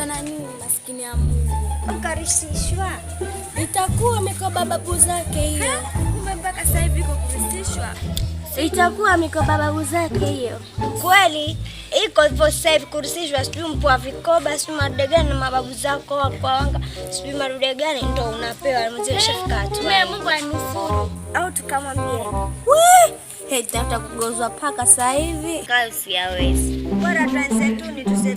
itakuwaga na nini? Maskini ya Mungu akarisishwa, itakuwa amekuwa babu zake hiyo. Kumbe mpaka sasa hivi iko kurisishwa, itakuwa amekuwa babu zake hiyo. Kweli iko hivyo sasa hivi kurisishwa, sijui mpoa vikoba, sijui marude gani na mababu zako wakwawanga, sijui marude gani ndo unapewa shafika mzeshafika hatua. Mungu anusuru, au tukamwambia tukamwambia tata kugozwa paka sasa hivi, kaa usiyawezi bora tuanze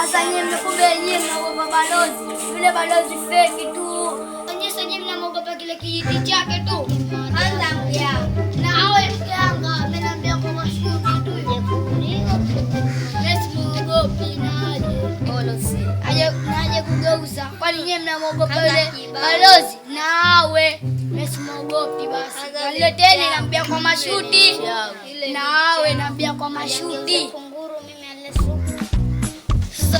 Hasa nyie mnakumbe nyie mnaogopa balozi, vile balozi feki tu. Onyesha nyie mnaogopa kile kijiti chake tu. Anza mjao. Na awe mganga amenambia kwa mashuti tu. Yesu muogopi naje. Balozi. Aje naje kugeuza. Kwani nyie mnaogopa yule balozi na awe Yesu muogopi basi. Alileteni naambia kwa mashuti. Nawe nambia kwa mashuti.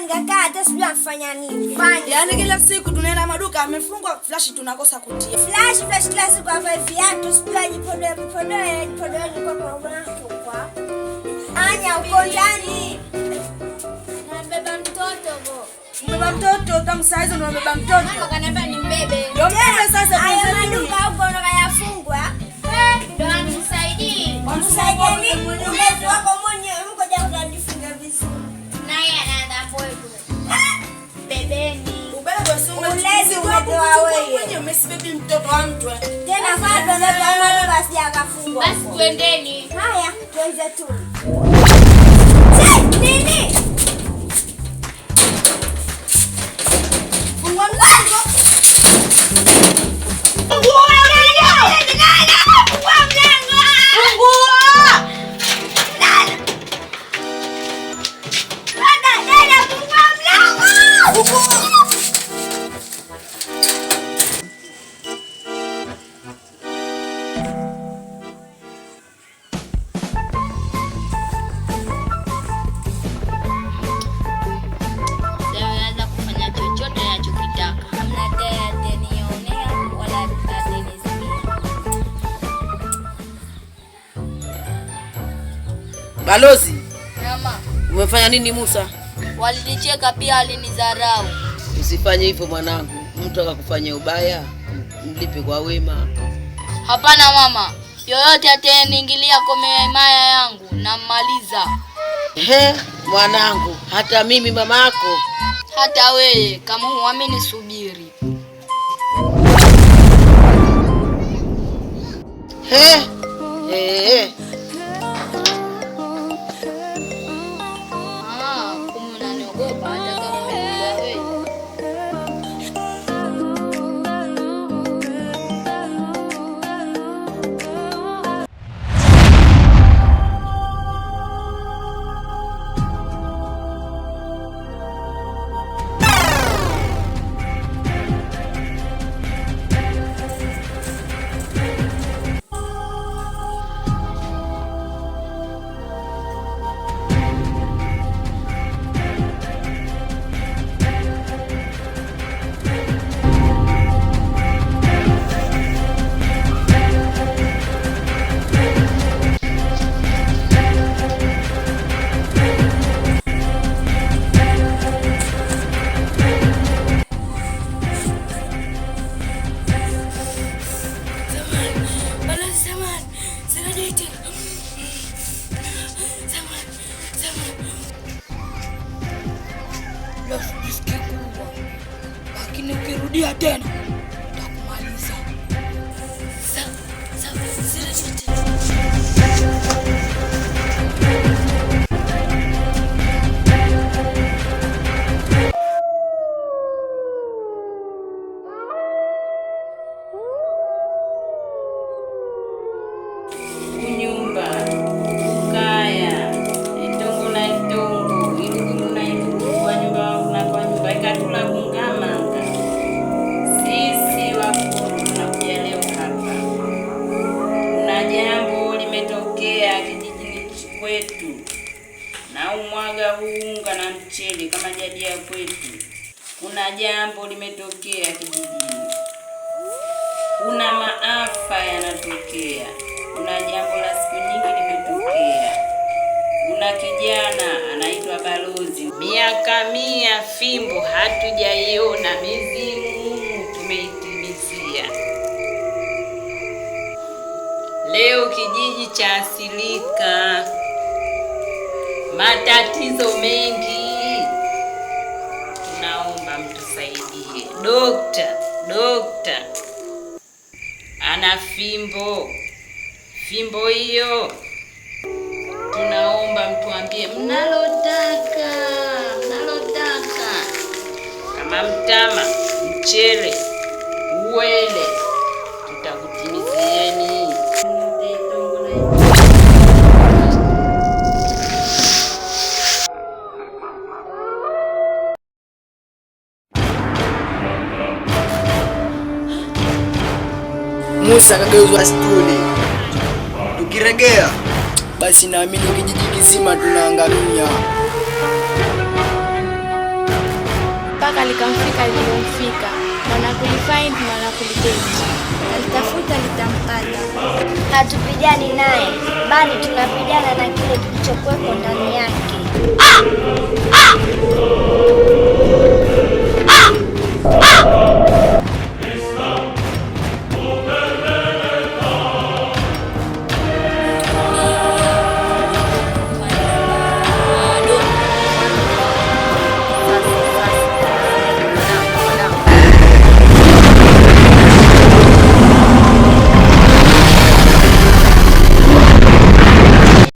nyumbani kaka, hata sijui afanya nini. Fanya. Yaani kila siku tunaenda maduka amefungwa flash tunakosa kutia. Flash flash kila siku hapa viatu yaani sijui ajipodoe ajipodoe ajipodoe kwa kwa mwanako kwa. Anya uko ndani. Nabeba mtoto bo. Nabeba mtoto tangu saa hizo ndio nabeba mtoto. Mama kaniambia ni kwa mtwe tena basi akafungwa. Basi twendeni. Haya, twende tu. Nini? Fungua mlango. Balozi, umefanya nini Musa? Walinicheka pia alinidharau. Usifanye hivyo mwanangu, mtu akakufanyia ubaya mlipe kwa wema. Hapana mama, yoyote atakayeniingilia kwenye himaya yangu nammaliza. He, mwanangu, hata mimi mama yako. Hata wewe kama huamini, subiri. He, he. Yeah, tena. na umwaga unga na mchele kama jadi ya kwetu. Kuna jambo limetokea kijijini, kuna maafa yanatokea, kuna jambo la siku nyingi limetokea. Kuna kijana anaitwa Balozi, miaka mia fimbo hatujaiona, mizimu tumeitimizia. Leo kijiji cha asilika matatizo mengi, tunaomba mtusaidie. Dokta, dokta ana fimbo, fimbo hiyo tunaomba mtuambie mnalotaka, mnalotaka kama mtama, mchele, uwele Musa akageuzwa stuli. Tukiregea basi, naamini kijiji kizima tunaangamia. Mpaka likamfika lilomfika, mana kulifind mana kulideti, alitafuta litampata. hatupijani naye, bali tunapijana na kile kilichokuwepo ndani yake. ah! ah!